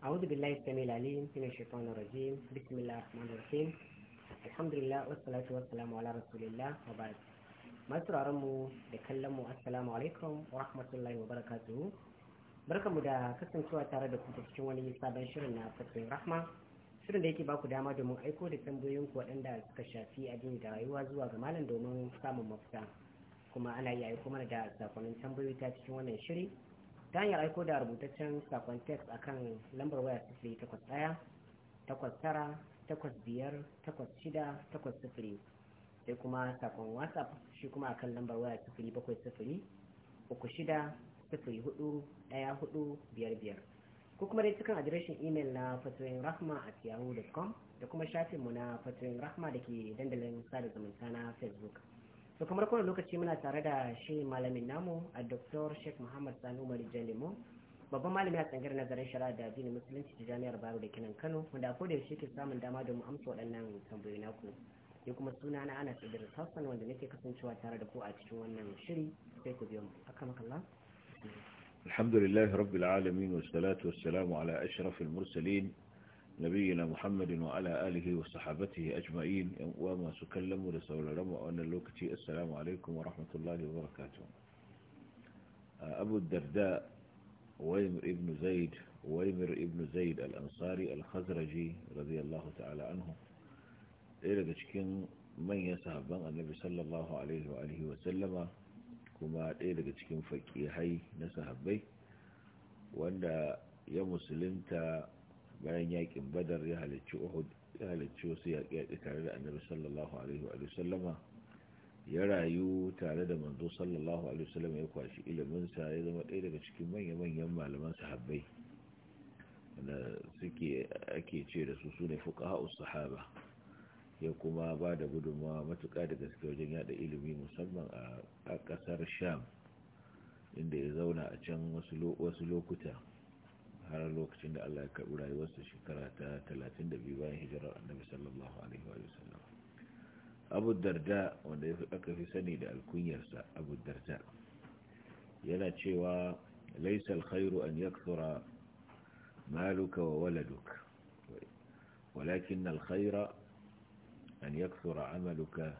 أعوذ بالله السميع العليم من الشيطان الرجيم بسم الله الرحمن الرحيم الحمد لله والصلاة والسلام على masu mu da kallon mu assalamu alaikum wa rahmatullahi wa barakatuhu barkamu da kasancewa tare da ku cikin wani sabon shirin na fatoyin rahma shirin da yake baku dama domin aiko da tambayoyin ku waɗanda suka shafi addini da rayuwa zuwa ga malam domin samun mafita kuma ana iya aiko mana da sakonin tambayoyi ta cikin wannan shiri ta hanyar aiko da rubutaccen sakon text akan lambar waya sufuri takwas ɗaya takwas tara takwas biyar takwas shida takwas sufuri sai kuma sakon whatsapp shi kuma akan lambar waya sufuri bakwai sufuri uku shida sufuri hudu ɗaya hudu biyar biyar ko kuma dai cikin adireshin imel na fatoyin rahma a tiyaru.com da kuma shafinmu na fatoyin rahma da ke dandalin sada zumunta na facebook to kamar kowane lokaci muna tare da shi malamin namu a Dr. Sheikh Muhammad Sani Umar Jalimo babban malami a tsangar nazarin shari'a da addinin musulunci ta jami'ar Bayero da Kinan Kano wanda a da yaushe ke samun dama da mu amsa waɗannan tambayoyi naku ya kuma suna na ana Idris Hassan wanda nake kasancewa tare da ku a cikin wannan shiri sai ku biyo mu akamakallah الحمد لله رب العالمين والصلاة والسلام ala أشرف المرسلين nabiyyina muhammadin wa ala alihi wa sahabatihi ajma'in yan uwa masu kallon mu da sauraron mu a wannan lokaci assalamu alaikum wa rahmatullahi wa barakatuh abu darda waymir ibn zaid waymir ibn zaid al-ansari al-khazraji radiyallahu ta'ala ɗaya daga cikin manyan sahabban annabi sallallahu alaihi wa sallama kuma ɗaya daga cikin faƙihai na sahabbai wanda ya musulunta bayan yakin badar ya halicci uhud ya halicci wasu yaƙi tare da annabi sallallahu alaihi wa sallama ya rayu tare da manzo sallallahu alaihi wa sallama ya kwashi sa ya zama ɗaya daga cikin manya-manyan malaman sahabbai wanda suke ake ce da su su ne fuqaha'us sahaba ya kuma ba da gudunmawa matuƙa da gaske wajen yada ilimi musamman a ƙasar sham inda ya zauna a can wasu lokuta har lokacin da Allah ya karɓi rayuwarsa shekara ta 32 bayan hijirar annabi sallallahu alaihi wa sallam abu darda wanda ya aka fi sani da alkunyar sa abu darda yana cewa laysa alkhairu an yakthura maluka wa waladuka yakthura amaluka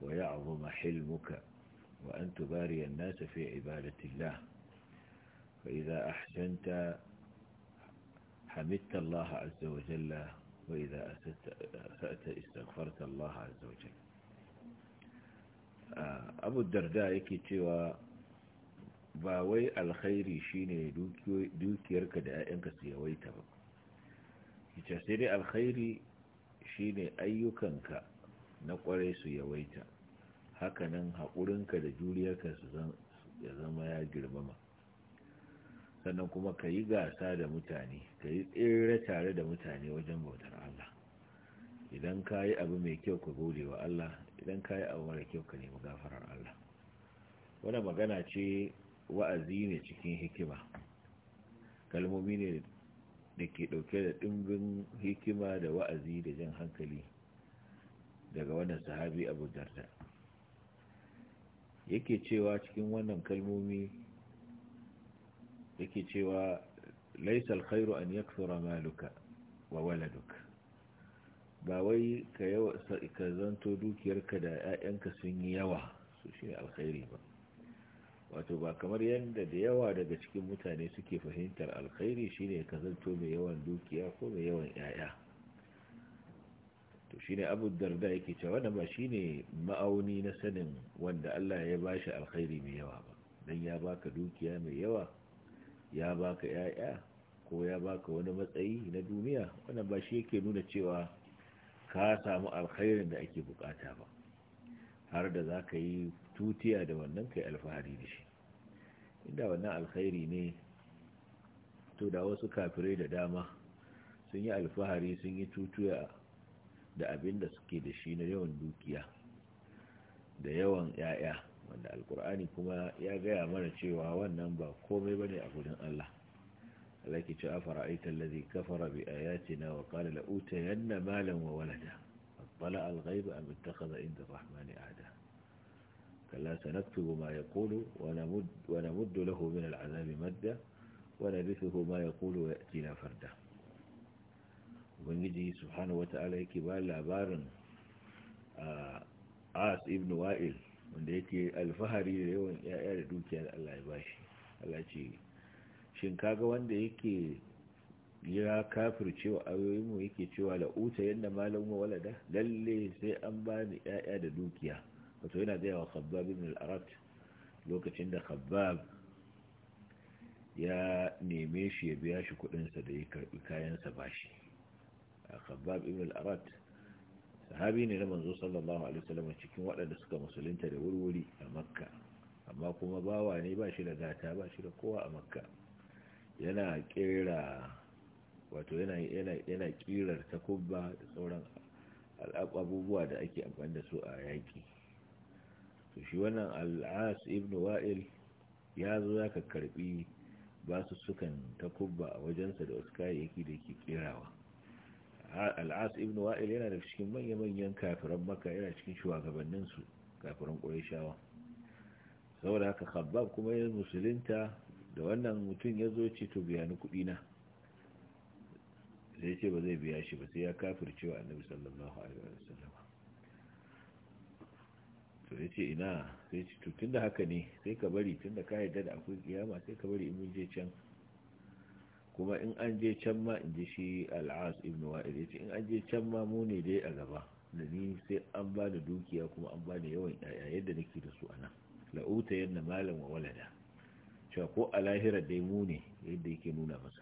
wa ya'zuma hilmuka wa an tubari an الناس fi ibadati Allah فإذا أحسنت حمدت الله عز وجل وإذا أسأت استغفرت الله عز وجل أبو الدرداء كتوى ba wai alkhairi shine dukiyarka da 'ya'yanka su yawaita ba ita sai dai alkhairi shine ayyukanka na kwarai su yawaita hakanan haƙurinka da juriyarka su ya zama ya girmama sannan kuma ka yi gasa da mutane ka yi tsere tare da mutane wajen bautar Allah idan ka yi abu mai kyau ka gode wa Allah idan ka yi abu mara kyau ka nemi gafarar Allah wani magana ce wa'azi ne cikin hikima kalmomi ne da ke ɗauke da ɗimbin hikima da wa'azi da jan hankali daga wannan sahabi abu darda yake cewa cikin wannan kalmomi yake cewa laisa alkhairu an yakthura maluka wa waladuka ba wai ka yawa ka zanto dukiyarka da 'ya'yanka sun yi yawa su shi alkhairi ba wato ba kamar yadda da yawa daga cikin mutane suke fahimtar alkhairi shine ka zanto mai yawan dukiya ko mai yawan 'ya'ya to shine abu darda yake cewa wannan ba shine ma'auni na sanin wanda Allah ya bashi alkhairi mai yawa ba dan ya baka dukiya mai yawa ya baka yaya ko ya baka wani matsayi na duniya wannan ba shi yake nuna cewa ka samu alkhairin da ake bukata ba har da za ka yi tutiya da wannan kai alfahari da shi inda wannan alkhairi ne to da wasu kafirai da dama sun yi alfahari sun yi tutuya da abin da suke da shi na yawan dukiya da yawan 'ya'ya wanda alkur'ani kuma ya gaya mana cewa wannan ba komai bane a gudun Allah alaki ce a fara'aita lalazi kafara bi a yace na wa kala la'uta yanna malam wa walada abbala alghaib a mutakaza inda rahmani ada kala sanattubu ma ya kulu wa na muddu lahu al'azami madda wa na bifihu ma ya kulu farda ubangiji subhanahu wata'ala yake ba labarin a ah, as ibn wa'il wanda yake alfahari da yawan ya'ya da dukiyar Allah ya bashi Allah ce shin kaga wanda yake ya kafircewa cewa ayoyin mu yake cewa la uta yanda malam wa walada lalle sai an bani ya'ya da dukiya wato yana da yawa khabbab ibn al-arat lokacin da khabbab ya neme shi ya biya shi kudin sa da ya karbi kayan sa bashi khabbab ibn al-arat sahabi ne na manzo sallallahu alaihi wasallam cikin waɗanda suka musulunta da wurwuri a makka amma kuma bawa ne ba shi da gata ba shi da kowa a makka yana kera wato yana yana yana kirar takubba da sauran abubuwa da ake amfani da su a yaƙi to shi wannan al'as ibn wa'il ya zo ya ka karbi su sukan takubba a wajensa da wasu kayayyaki da yake kerawa al'as ibn wa'il yana da cikin manya-manyan kafiran maka yana cikin shugabanninsu kafiran ƙureshawa saboda haka khabbab kuma ya musulunta da wannan mutum ya zo ce to biya ni kuɗi na sai ce ba zai biya shi ba sai ya kafirce wa annabi sallallahu alaihi wasallam to ya ina sai ce to tunda haka ne sai ka bari tunda ka yarda da akwai kiyama sai ka bari in mun je can kuma in an je can ma in ji shi al'as ibn wa'il ya ce in an je can ma mu ne dai a gaba da ni sai an ba da dukiya kuma an ba da yawan yaya yadda nake da su anan la'uta yanna malam wa walada cewa ko a lahirar dai mu ne yadda yake nuna masa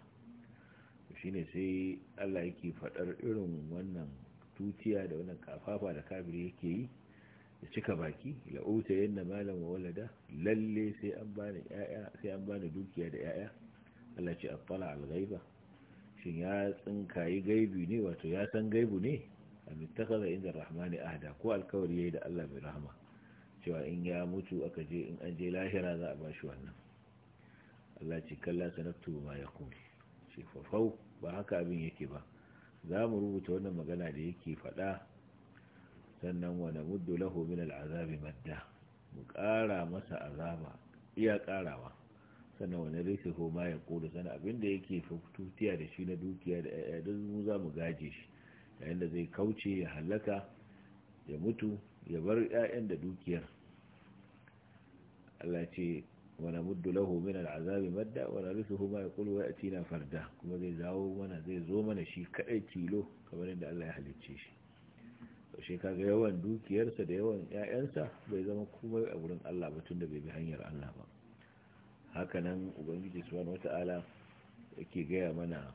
shine sai Allah yake faɗar irin wannan tutiya da wannan kafafa da kabiri yake yi da cika baki la'uta yanna malam wa walada lalle sai an ba yaya sai an bani dukiya da yaya Allah ce afala al-ghaiba shin ya tsinkayi gaibi ne wato ya san gaibu ne a ittakhadha inda rahmani ahda ko alkawari yayi da Allah mai rahama cewa in ya mutu aka je in an je lahira za a ba shi wannan Allah ce kalla sanaktu ma yaqul shi fafau ba haka abin yake ba za mu rubuta wannan magana da yake faɗa sannan wani namuddu lahu min al'azabi madda mu ƙara masa azaba iya ƙarawa sannan wani rike ko ya kulu sannan abinda yake fitutiya da shi na dukiya da ya'ya duk mu za mu gaje shi yayin da zai kauce ya halaka ya mutu ya bar ya'yan da dukiyar Allah ce wani muddu lahu min al'azabi madda wani rike ko ma ya kulu wa farda kuma zai zawo mana zai zo mana shi kaɗai kilo kamar yadda Allah ya halicce shi shi kaga yawan dukiyarsa da yawan 'ya'yansa bai zama kuma a wurin Allah ba tun da bai bi hanyar Allah ba hakanan ubangiji subhanahu wata'ala yake gaya mana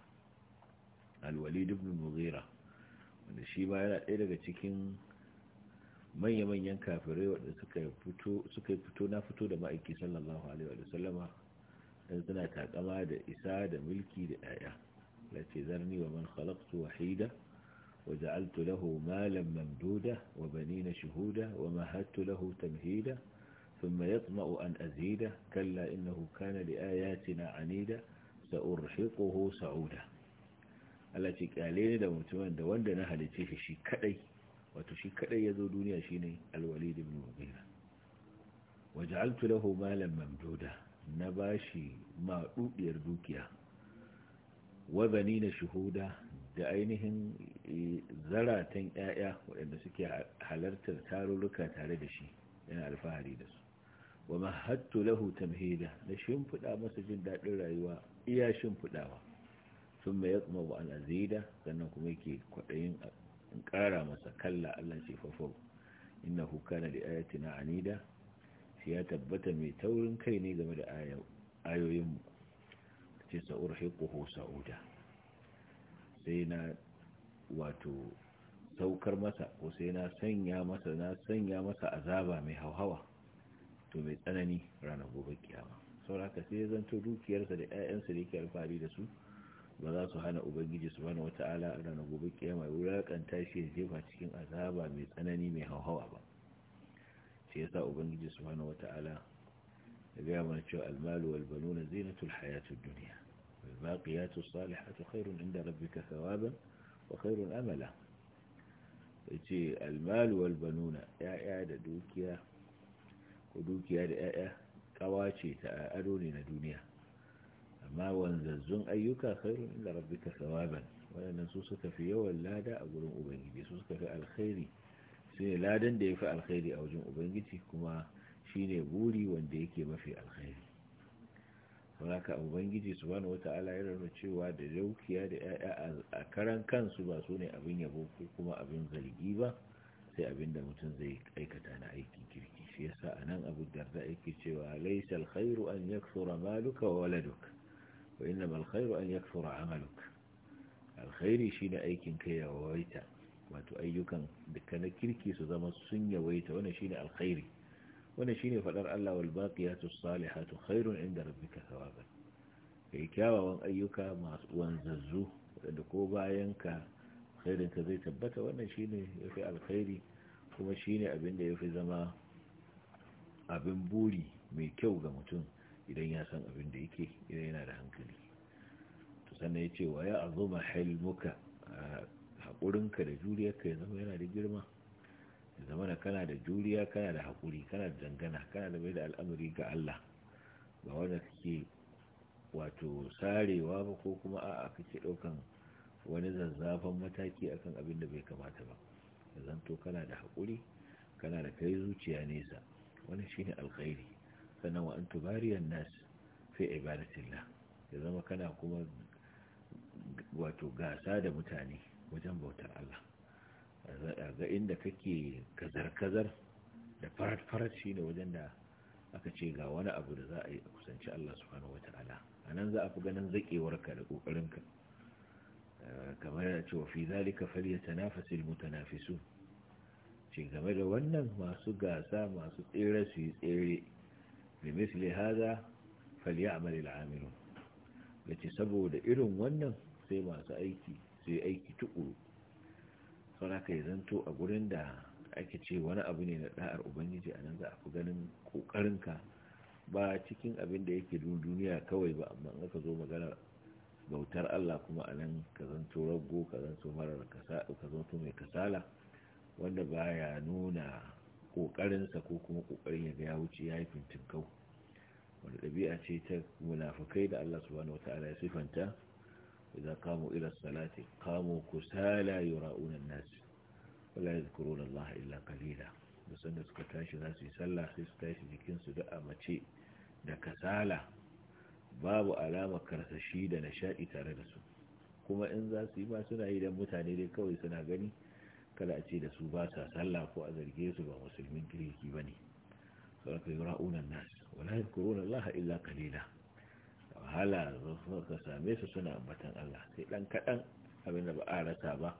alwalid ibn mughira wanda shi ba yana ɗaya daga cikin manya-manyan kafirai wadda suka yi fito na fito da ma'aiki sallallahu alaihi wa sallama don suna takama da isa da mulki da ɗaya ce zarni wa man khalaqtu wahida wa ja'altu lahu malan mamduda wa banina shuhuda wa mahattu lahu tamhida ثم يطمع أن أزيده كلا إنه كان لآياتنا عنيدة سأرهقه سعودا التي قالين da mutumin da wanda na تيفي شي كدي wato shi kadai ya zo duniya shine alwalid ibn mughira waj'altu lahu malan mamduda na bashi maɗuɗiyar dukiya wa na shuhuda da ainihin zaratan 'ya'ya waɗanda suke halartar tarurruka tare da shi yana alfahari da su wa mahattu lahu da na shimfiɗa masa jin daɗin rayuwa iya shimfiɗawa sun mai yakuma wa an azida sannan kuma yake kwaɗayin in ƙara masa kalla allah ce fafo inna kana na da ayati na anida shi ya tabbata mai taurin kai ne game da ayoyinmu ce sa'ur haikuhu sa'uda sai na wato saukar masa ko sai na sanya masa na sanya masa azaba mai hauhawa wato mai tsanani ranar gobe kiyama sauraka sai ya zanto dukiyarsa da 'ya'yansa da yake alfahari da su ba za su hana ubangiji su bane wata'ala a ranar gobe kiyama wulakanta shi ya jefa cikin azaba mai tsanani mai hauhawa ba sai ya sa ubangiji su bane wata'ala ya gaya mana cewa almalu wal banuna zinatul hayatud duniya wal baqiyatu salihatu khairun inda rabbika thawaban wa khairun amala yace almalu wal banuna ya'ya da dukiya da dukiya da 'ya'ya kawa ce ta ado ne na duniya amma wanzazzun ayyuka khairun inda rabbika sawaban waɗannan su suka fi yawan lada a gurin ubangiji su suka fi alkhairi su ne ladan da ya fi alkhairi a wajen ubangiji kuma shi ne buri wanda yake mafi alkhairi haka ubangiji su bani wata ala irin cewa da dukiya da ya'ya a karan kansu ba su ne abin yabo ko kuma abin zargi ba sai abin da mutum zai aikata na aiki kirki يسا أنا أبو الدرداء كيشي وليس الخير أن يكثر مالك وولدك وإنما الخير أن يكثر عملك الخير شين أيك كي وويتا ما تؤيك بكنا كيركي سوزما سنيا ويتا ونشين الخير ونشين فدر الله والباقيات الصالحات خير عند ربك ثوابا فيكا وان أيك ما وانززو ودكو باينك خير تزيت بك ونشين في الخير kuma shine abin da yafi abin buri mai kyau ga mutum idan ya san abin da yake idan yana da hankali to sannan ya ce wa ya azuma a haƙurinka da juriyarka ya zama yana da girma ya zama da kana da juriya kana da haƙuri kana da dangana kana da bai da al'amari ga Allah ba wanda ke wato sarewa ba ko kuma a'a kake ɗaukan wani zazzafan mataki akan abin da bai kamata ba zanto kana da haƙuri kana da kai zuciya nesa wannan shine alkhairi sannan wa an tubariyan nas fi ibadatillah ya zama kana kuma wato gasa da mutane wajen bautar Allah ga inda kake kazar-kazar da farat-farat shine wajen da aka ce ga wani abu da za a yi a kusanci Allah subhanahu wa ta'ala a nan za a fi ganin zaƙewarka da ƙoƙarinka eh, kamar da cewa fi zalika falyatanafasil mutanafisun ce game da wannan masu gasa masu tsere su yi tsere da misali haza faliya amali al'amilu da ce saboda irin wannan sai masu aiki sai aiki tukuru ka yi zanto a gurin da ake ce wani abu ne na da'ar ubangiji a nan za a fi ganin ƙoƙarinka ba cikin abin da yake duniya kawai ba amma in ka zo maganar bautar Allah kuma a nan ka zanto rago ka zanto marar ka zanto mai kasala wanda baya nuna ƙoƙarinsa ko kuma kokarin ya ga ya wuce ya yi fintinkau wanda ɗabi'a ce ta munafukai da Allah subhanahu wata'ala ya sifanta idza qamu ila salati qamu kusala yura'una an-nas la yadhkuruna Allah illa qalila musan da suka tashi za su yi sallah sai su tashi jikin su da mace da kasala babu alama karsashi da nishadi tare da su kuma in za su yi ba suna yi dan mutane dai kawai suna gani kada a ce da su ba sa sallah ko a zarge su ba musulmin kirki ba ne sauraka yi ra'unan nas wala yi korona laha illa kalila wahala ka same su suna ambatan allah sai dan kaɗan abinda ba a rasa ba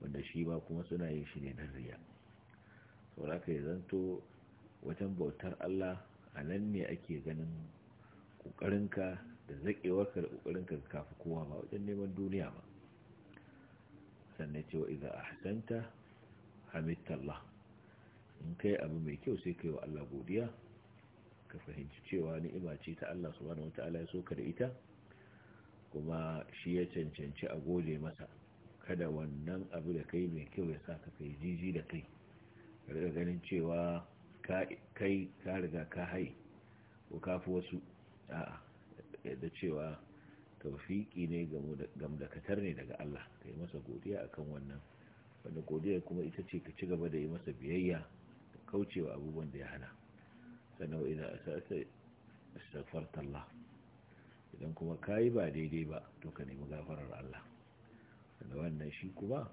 wanda shi ba kuma suna yin shi ne don riya sauraka yi zanto wajen bautar allah a nan ne ake ganin ƙoƙarinka da zaƙewarka da ƙoƙarinka ka kowa ba wajen neman duniya ba sannan ce wa iza ahsanta hamidtallah in kai abu mai kyau sai kai wa Allah godiya ka fahimci cewa ni'ima ce ta Allah subhanahu wataala ya ka da ita kuma shi ya cancanci a gode masa kada wannan abu da kai mai kyau ya sa ka kai jiji da kai daga ganin cewa kai ka riga ka hai ko kafi wasu da cewa tawfiki ne gamdakatar ne daga Allah ka yi masa godiya akan wannan wanda godiya kuma ita ce ka ci gaba da yi masa biyayya da kaucewa abubuwan da ya hana sannan wa idan a astaghfarta Allah idan kuma kayi ba daidai ba to ka nemi gafarar Allah sannan wannan shi kuma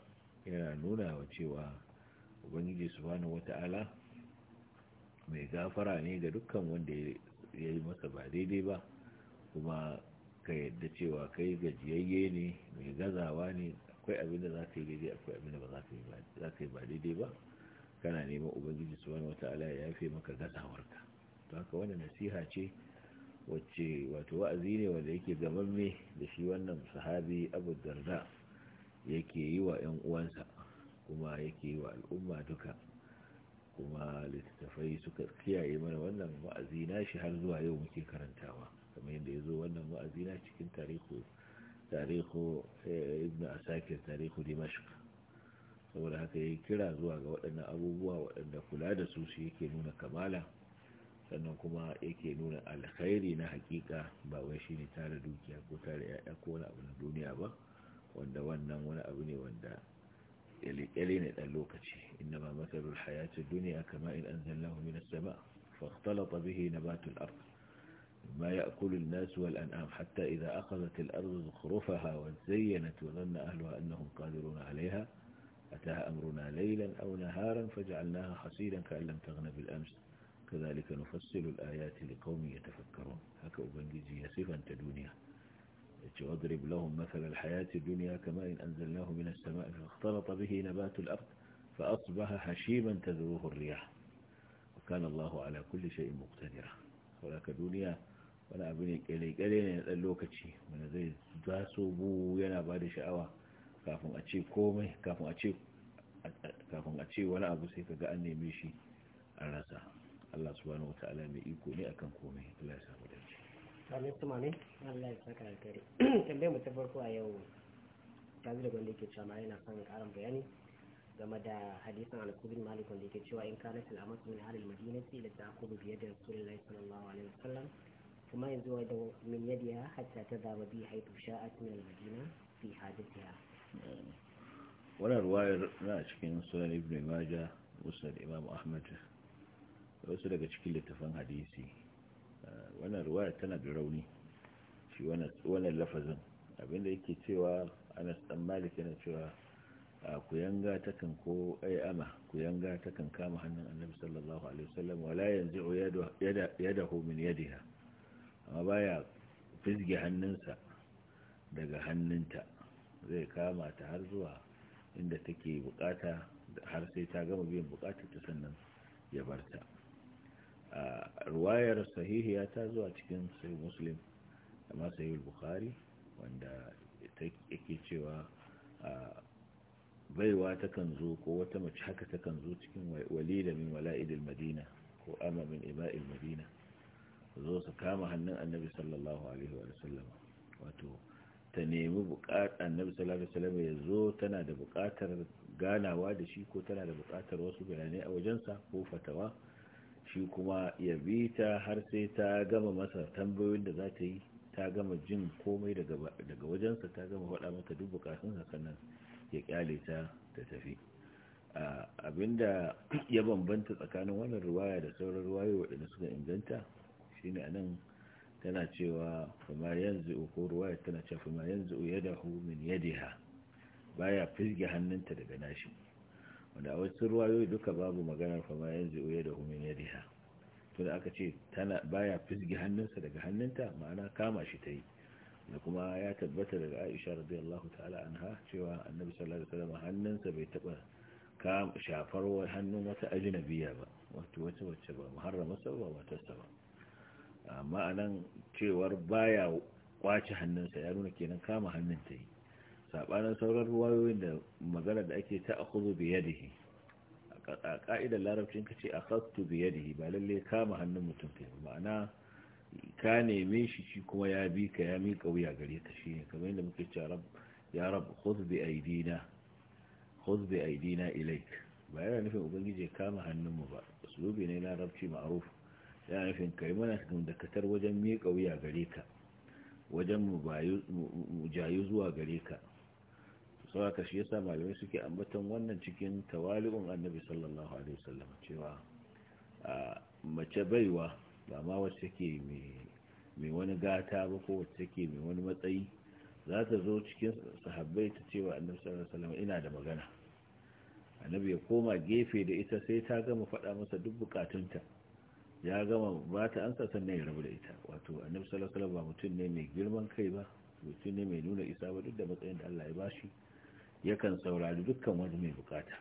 yana nuna wa cewa ubangiji subhanahu wata'ala mai gafara ne ga dukkan wanda ya yi masa ba daidai ba kuma ka yadda cewa kai gajiyayye ne mai gazawa ne akwai abin da za ka yi daidai akwai abin da ba za ka yi ba daidai ba kana neman ubangiji su wani ala ya yafe maka gazawarka to haka wani nasiha ce wacce wato wa'azi ne wanda yake me da shi wannan sahabi abu darda yake yi wa 'yan uwansa kuma yake yi wa al'umma duka kuma littattafai suka kiyaye mana wannan wa'azi na shi har zuwa yau muke karantawa kamar yadda ya zo wannan wa'azi na cikin tarihu tarihu eh, ibn asakir tarihu dimashq saboda haka yayi kira zuwa ga waɗannan abubuwa waɗanda kula da su shi yake nuna kamala sannan kuma yake nuna alkhairi na hakika ba wai shi tare tara dukiya ko tara yaya ko wani abu na duniya ba wanda wannan wani abu ne wanda ƙyale ne ɗan lokaci inna ma matsalul hayatun duniya kama in an zallahu minas sama fa bihi nabatul ardh ما يأكل الناس والأنعام حتى إذا أخذت الأرض زخرفها وزينت وظن أهلها أنهم قادرون عليها أتاها أمرنا ليلا أو نهارا فجعلناها حصيدا كأن لم تغن بالأمس كذلك نفصل الآيات لقوم يتفكرون هكا أبنجي يصفا تدونيها واضرب لهم مثل الحياة الدنيا كما إن أنزلناه من السماء فاختلط به نبات الأرض فأصبح هشيما تذروه الرياح وكان الله على كل شيء مقتدرا ولك دنيا wani abu ne kare kare ne na dan lokaci wanda zai zaso bu yana ba da sha'awa kafin a ce komai kafin a ce wani abu sai ka ga an neme shi an rasa Allah subhanahu wa ta'ala mai iko ne akan komai Allah ya samu dace amin kuma ne Allah ya saka da kare tambayar mu ta farko a yau ta zira gwanda yake cewa ma yana son karin bayani game da hadisin al-kubin da wanda yake cewa in kana amatu min halil madinati la ta'khudhu bi yadi rasulullahi sallallahu alaihi wasallam kuma yanzu wa da min yadiya hatta ta zaba bi haitu sha'at min al-madina fi hadithiha wannan ruwayar na cikin sunan ibn majah musnad imam ahmad wasu daga cikin littafan hadisi wannan ruwayar tana da rauni shi wannan lafazin abinda yake cewa anas dan malik yana cewa ku yanga kan ko ai ama ku yanga kan kama hannun annabi sallallahu alaihi wasallam wala yanzu yadahu min yadiha amma baya fisge hannunsa daga hannunta zai kama ta har zuwa inda take bukata har sai ta gama biyan bukatar ta sannan ya barta a ruwayar sahihiya ta zuwa cikin sai muslim amma sahih bukhari wanda yake cewa baiwa takan zo ko wata mace haka takan zo cikin walida min wala'idil madina ko amma min ima'il madina zo su kama hannun annabi sallallahu alaihi wa sallam wato ta nemi buƙatar annabi sallallahu alaihi wa sallam ya zo tana da buƙatar ganawa da shi ko tana da buƙatar wasu bayanai a wajensa ko fatawa shi kuma ya bi ta har sai ta gama masa tambayoyin da za ta yi ta gama jin komai daga wajensa ta gama faɗa mata duk bukatunsa sannan ya kyale ta ta tafi abinda ya bambanta tsakanin wannan ruwaya da sauran ruwaya waɗanda suka inganta shine anan tana cewa kuma yanzu ko ruwaya tana cewa kuma yanzu hu min yadiha baya fisge hannunta daga nashi wanda a wasu ruwayoyi duka babu maganar kuma yanzu hu min yadiha to da aka ce tana baya fisge hannunsa daga hannunta ma'ana kama shi ta yi da kuma ya tabbata daga Aisha radiyallahu ta'ala anha cewa Annabi sallallahu alaihi wasallam hannunsa bai taba shafar hannun wata ajnabiya ba wato wata wacce ba muharrama sa ba matarsa ba amma ah, nan cewar baya kwace hannunsa ya nuna kenan kama hannun ta yi sabanin sauran ruwayoyin da magana da ake ta a biya da yadihi a ka'idar larabcin ka ce biya da yadihi ba lalle kama hannun mutum yi ma'ana ka neme shi shi kuma ya bi ka ya miƙa wuya gare ka shi ne kamar yadda muke cewa ya rab khudh aidina aidina ilaik ba yana nufin ubangiji kama hannun mu ba uslubi ne larabci ma'ruf ya nufin kai mana dakatar wajen miƙa wuya gare ka wajen mu zuwa gare ka sauraka shi yasa malamai suke ambatan wannan cikin tawali'un annabi sallallahu alaihi wasallam cewa mace baiwa ba ma wacce ke mai wani gata ba ko wacce ke mai wani matsayi za ta zo cikin sahabbai ta cewa annabi sallallahu alaihi wasallam ina da magana annabi ya koma gefe da ita sai ta gama faɗa masa duk bukatunta ya gama ba ta ansa sannan ya rabu da ita wato annabi sallallahu alaihi ba mutum ne mai girman kai ba mutum ne mai nuna isa ba duk da matsayin da Allah ya bashi yakan saurari dukkan wani mai bukata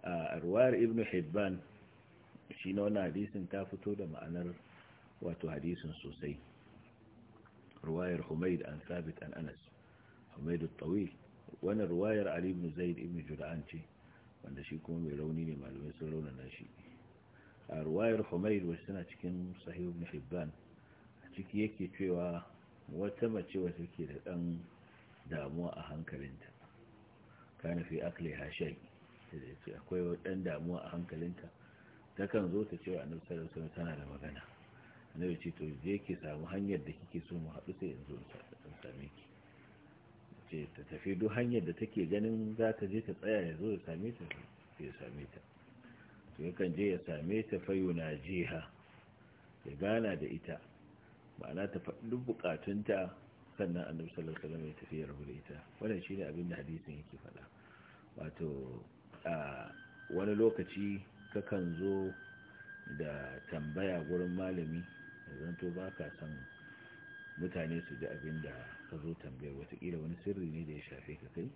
a ruwayar ibnu hibban shi na wani hadisin ta fito da ma'anar wato hadisin sosai ruwayar humaid an sabit an anas humaid tawil wani ruwayar ali ibn zaid ibn jur'an ce wanda shi kuma mai rauni ne malamai sun rauna shi a ruwayar humaid tana cikin sahihu ibn hibban a ciki yake cewa wata mace wata ke da dan damuwa a hankalinta kana fi akli hashai ce akwai dan damuwa a hankalinta ta kan zo ta cewa annabi sallallahu alaihi tana da magana annabi ce to je ki samu hanyar da kike so mu haɗu sai in zo in same ki ce ta tafi duk hanyar da take ganin za ta je ta tsaya ya zo ya same ta ya same ta yakan je ya same ta fayuna jiha ya gana da ita ma'ana ta faɗin bukatunta sannan annabi sallallahu alaihi wasallam ya tafi ya rabu da ita wannan shine abin da hadisin yake faɗa wato a wani lokaci kakan zo da tambaya gurin malami zan to ba ka san mutane su ji abin da ka zo tambaya watakila wani sirri ne da ya shafe ka kai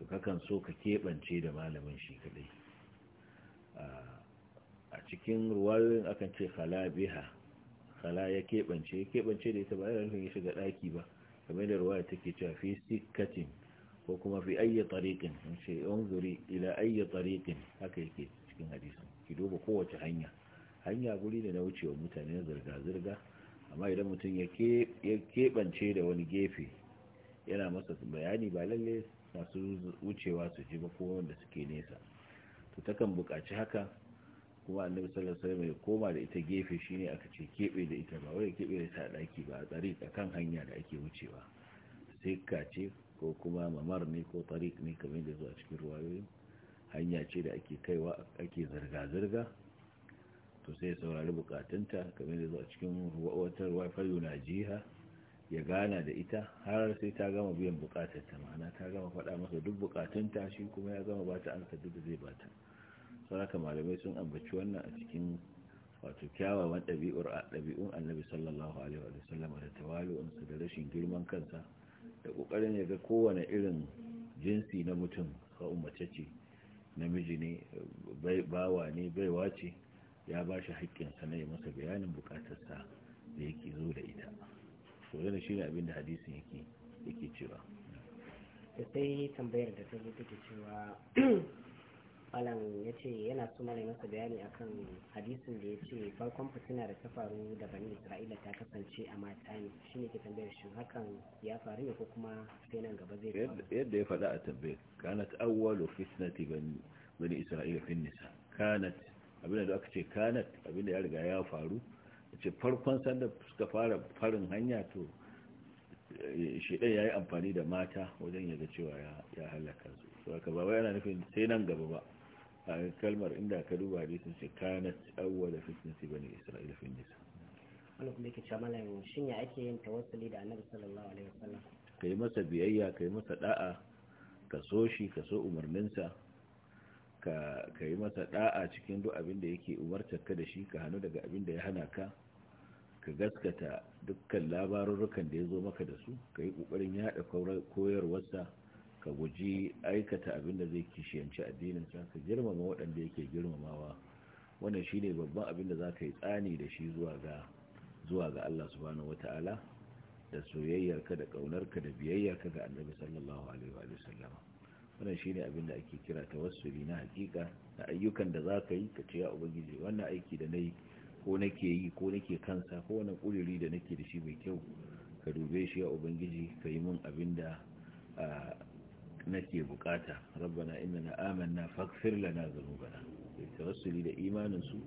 to kakan so ka keɓance da malamin shi kaɗai. a cikin ruwan akan ce khala biha khala ya keɓance ya keɓance da ita ba yana nufin ya shiga daki ba kamar da ruwa take cewa fi sikkatin ko kuma fi ayyi tariqin in ce unzuri ila ayyi tariqin haka yake cikin hadisi ki duba kowace hanya hanya guri ne na wucewa mutane zirga zirga amma idan mutum ya keɓance da wani gefe yana masa bayani ba lalle masu wucewa su ji ba ko wanda suke nesa to takan bukaci haka kuma annabi sallallahu alaihi ya koma da ita gefe shine aka ce kebe da ita ba wai kebe da ta daki ba tsari kan hanya da ake wucewa sai ka ce ko kuma mamar ne ko tariq ne kamar da zuwa cikin ruwayoyi hanya ce da ake kaiwa ake zirga zirga to sai saurari bukatunta kamar da zuwa cikin wata ruwa fayu na jiha ya gana da ita har sai ta gama biyan ta ma'ana ta gama faɗa masa duk bukatunta shi kuma ya gama ba ta ansa duk da zai ta. saraka malamai sun ambaci wannan a cikin wato kyawawan ɗabi'un annabi sallallahu alaihi wa sallam da da rashin girman kansa da ƙoƙarin ya ga kowane irin jinsi na mutum ko mace ce namiji ne bawa ne baiwa ce ya ba shi haƙƙinsa na yi masa bayanin buƙatarsa da yake zo da ita so yana shi abin da hadisin yake cewa da sai tambayar da ta cewa malam ya ce yana so malam masa bayani akan hadisin da ya ce farkon fitina da ta faru da bani isra'ila ta kasance a mata ne shi ke tambayar shi hakan ya faru ne ko kuma sai nan gaba zai faru yadda ya faɗa a tabbai kanat awwalu fitnati bani isra'ila fin nisa kanat abinda da aka ce kanat abinda ya riga ya faru ce farkon sanda suka fara farin hanya to eh, shi ɗaya ya yi amfani da mata wajen yaga cewa ya halaka su so ba ba yana nufin sai nan gaba ba a kalmar inda ka duba hadisin shi kanat awwala fitnati bani isra'ila fi nisa wannan kuma yake cewa malamin shin ya ake yin tawassuli da annabi sallallahu alaihi wasallam kai masa biyayya kai masa da'a ka so shi ka so umarninsa ka yi masa da'a cikin duk abin da yake umartar ka da shi ka hanu daga abin da ya hana ka ka gaskata dukkan labarurrukan da ya zo maka da su ka yi ƙoƙarin yaɗa koyarwarsa ka guji aikata abin da zai kishiyanci addininsa ka girmama waɗanda yake girmamawa wannan shine babban abin da za ka yi tsani da shi zuwa ga zuwa ga Allah subhanahu wata'ala da soyayyarka da ƙaunarka da biyayyarka ga annabi sallallahu alaihi wa sallam wannan shine abin da ake kira ta tawassuli na hakika da ayyukan da za ka yi ka ce ya ubangiji wannan aiki da nayi ko nake yi ko nake kansa ko wannan ƙuduri da nake da shi mai kyau ka dube shi ya ubangiji ka yi min abin da ah, nake bukata rabbana innana amanna faghfir lana dhunubana tawassuli da imanin su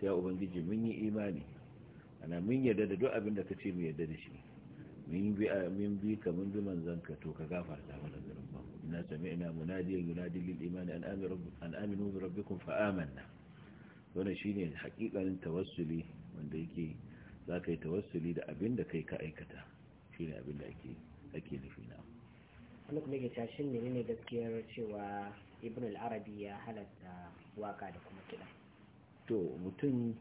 sai ya ubangiji mun yi imani ana mun yarda da duk abin da kace mu yarda da shi mun bi mun bi ka mun zuman zanka to ka gafarta mana zunuba inna sami'na munadiyan yunadi lil iman an rabb an aminu bi rabbikum fa amanna wannan shine haƙiƙanin tawassuli wanda yake zaka yi tawassuli da abin da kai ka aikata shine abin da ake ake nufi na kuma kuma ke tashin ne ne gaskiyar cewa ibn al ya halatta waka da kuma kiɗa to mutum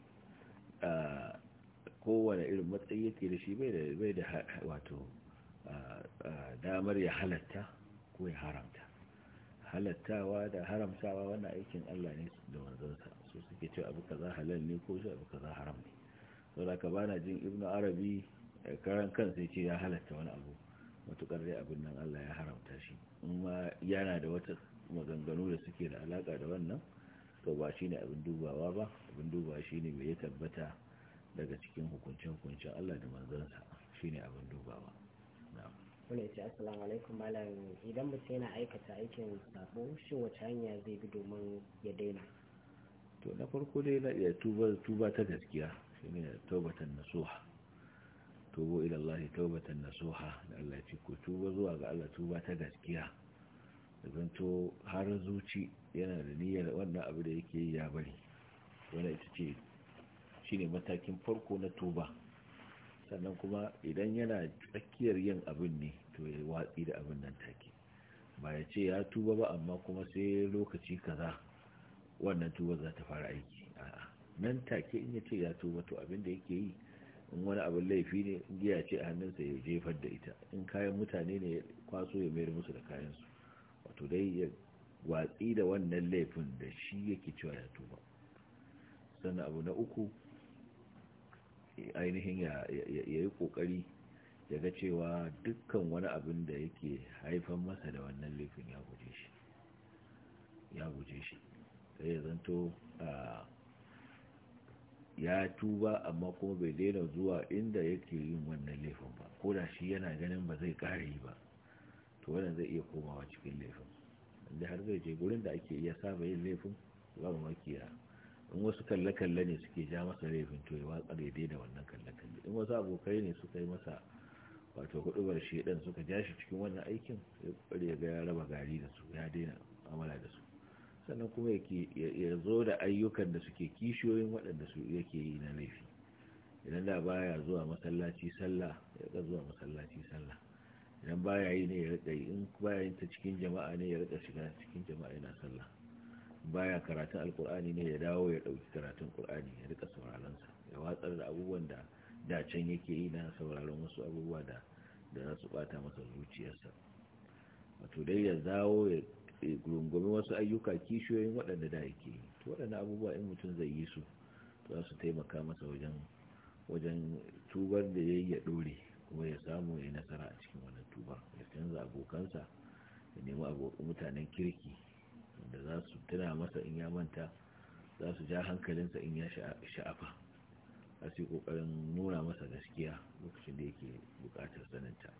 kowane irin matsayi yake da shi bai da wato damar ya halatta ko ya haramta halattawa da haramtawa wannan aikin Allah ne da wanzansa su suke cewa abu za halal ne ko abu za haram ne saboda ka bana jin Ibn arabi karan kansa ce ya halatta wani abu matukar dai abin nan Allah ya haramta shi in ma yana da wata maganganu da suke da alaka da wannan to ba shine abin dubawa ba abin dubawa shine mai ya tabbata daga cikin hukuncin hukuncin Allah da manzansa shine abin dubawa na'am wani ce assalamu alaikum malam idan mutum yana aikata aikin sabo shi wace hanya zai bi domin ya daina to na farko dai na iya tuba tuba ta gaskiya shine tobatan nasuha tubu ila Allah taubatan nasuha da Allah ya ce ku tuba zuwa ga Allah tuba ta gaskiya to har zuci yana da niyyar wannan abu da yake ya bari wanda ita ce shine matakin farko na tuba sannan kuma idan yana tsakiyar yin abin ne to ya watsi da abin nan take ba ya ce ya tuba ba amma kuma sai lokaci kaza wannan tuba za ta fara aiki a'a nan take in ya ce ya tuba to abin da yake yi in wani abin laifi ne giya ce a hannunsa ya jefar da ita in kayan mutane ne kwaso ya mayar musu da kayansu wato dai ya watsi da wannan laifin da shi yake cewa ya tuba sannan abu na uku ainihin ya yi kokari ya ga cewa dukkan wani abin da yake haifan masa da wannan laifin ya guje shi ya guje shi sai ya zanto a ah, ya tuba amma kuma bai daina zuwa inda yake yin wannan laifin ba ko da shi yana ganin ba zai kara yi ba to wannan zai iya komawa cikin laifin inda har zai je gurin da ake iya saba yin laifin ba makiya in wasu kalle-kalle ne suke ja masa laifin to ya watsa da daina wannan kalle-kalle in wasu abokai ne suka yi masa wato hudubar shedan suka ja shi cikin wannan aikin sai ya ga ya raba gari da su ya daina amala da su sannan kuma ya zo da ayyukan da suke kishiyoyin waɗanda su yake yi na laifi idan da baya zuwa masallaci sallah ya ga zuwa masallaci sallah idan baya yi ne ya rika yi in baya yin ta cikin jama'a ne ya rika shiga cikin jama'a yana sallah baya karatun alkur'ani ne ya dawo ya ɗauki karatun ƙur'ani ya rika sauraron sa ya watsar da abubuwan da da can yake yi na sauraron wasu abubuwa da da za su bata masa zuciyarsa wato dai ya zawo ya gurungumi e, wasu ayyuka kishiyoyin waɗanda da yake to waɗanda abubuwa in mutum zai yi su za su taimaka masa wajen wajen tubar da ya yi ya ɗore kuma ya samu ya nasara a cikin wannan tubar ya canza abokansa ya nemi mutanen kirki da za su tuna masa in ya manta za su ja hankalinsa in ya sha'afa a sai kokarin nuna masa gaskiya lokacin da yake bukatar sananta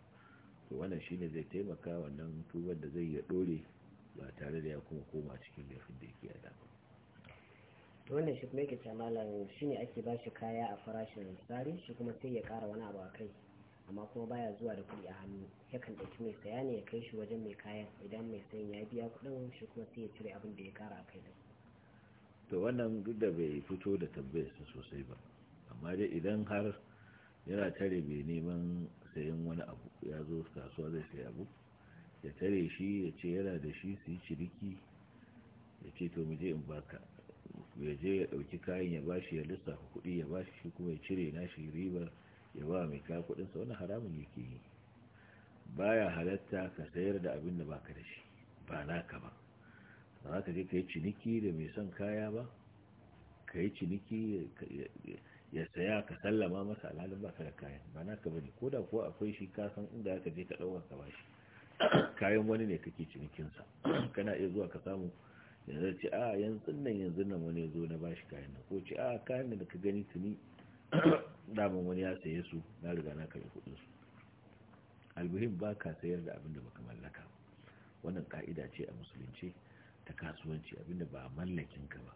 to wannan shine zai taimaka wannan tubar da zai ya ɗore ba tare da ya kuma koma cikin laifin da yake yada ba wannan shi kuma yake ce shi ne ake ba shi kaya a farashin tsari shi kuma sai ya kara wani abu a kai amma kuma baya zuwa da kuɗi a hannu yakan ɗauki mai saya ne ya kai shi wajen mai kayan idan mai sayan ya biya kuɗin shi kuma sai ya cire abin da ya kara a kai din to wannan duk da bai fito da tambayarsa sosai ba amma dai idan har yana tare mai neman sayan wani abu ya zo kasuwa zai sayi abu tare shi ya ce yana da shi su yi ciniki ya ce to mu je in baka ya je ya dauki kayan ya ba shi ya lissafa kuɗi ya ba shi kuma ya cire nashi ribar ya ba mai kaya sa wani haramun yake yi baya halatta ka sayar da abin da baka da shi ba naka ba za ka je ka yi ciniki da mai son kaya ba ka yi ciniki ya saya ka sallama masa alhalin baka da kayan ba naka ba ne ko da kuwa akwai shi kasan inda aka je ka ɗaukar ka ba shi kayan wani ne kake cinikinsa kana iya zuwa ka samu yanzu ce a ah, yanzu nan yanzu nan wani zo na bashi kayan nan ko ce a ah, kayan da ka gani tuni daman wani ya saye su na riga na kai kudin su albuhin ba ka sayar da abin da baka mallaka wannan ka'ida ce a musulunci ta kasuwanci abin da ba mallakin ka ba